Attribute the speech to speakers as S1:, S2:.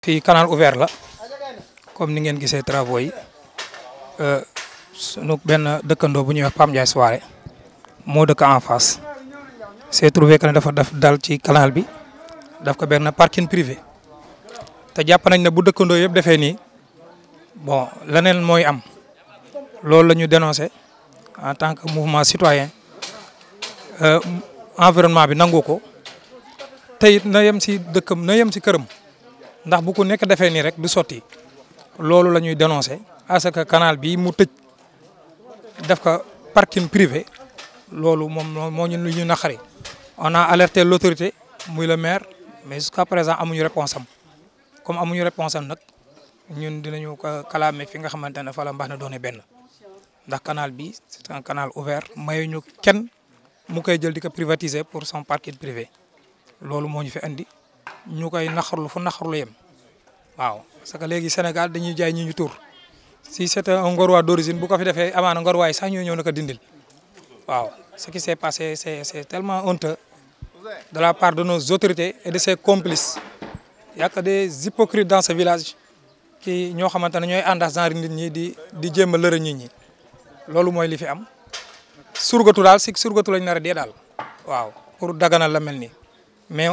S1: fii canal ouvert la comme ni ngeen gisee travoy yi euh, sunu benn dëkkandoo bu ñuy wax Pam Ndiaye Soare moo dëkk en face s'est trouvé que ne dafa def dal ci canal bi daf ko benn parking privé te jàpp nañ ne bu dëkkandoo yëpp defee nii bon leneen mooy am loolu lañu ñu en tant que mouvement citoyen euh, environnement bi nangu ko te it na yem si dëkkam na yem si këram. ndax bu ko nekk defee nii rek du sotti loolu la ñuy dénoncé parce que canal bi mu tëj def ko parking privé loolu moom moo ñu lu ñu naqari on a alerté l' autorité muy le maire mais jusqu'à présent amuñu réponse am comme amuñu réponse am nag ñun dinañu ko kalaame fi nga xamante ne fa la mbaax na doone benn ndax kanal bi c' kanal un canal ñu kenn mu koy jël di ko privatiser pour son parking privé loolu moo ñu fi andi ñu koy naxarlu fu naxarlu yem waaw parce que léegi Sénégal dañuy jaay ñu ñu tur si c'est un ngorwaay d'origine bu ko fi defee amaana ngorwaay sax ñoo ñëw na ko dindil waaw ce qui s'est passé c'est c'est tellement honteux de la part de nos autorités et de ses complices y a que dans ce village ki ñoo xamante ne ñooy ànd ak genre nit ñi di di jéem a lëre nit ñi loolu mooy li fi am surgatu daal si surgatu lañ na a dee daal waaw pour daganal la mel nii mais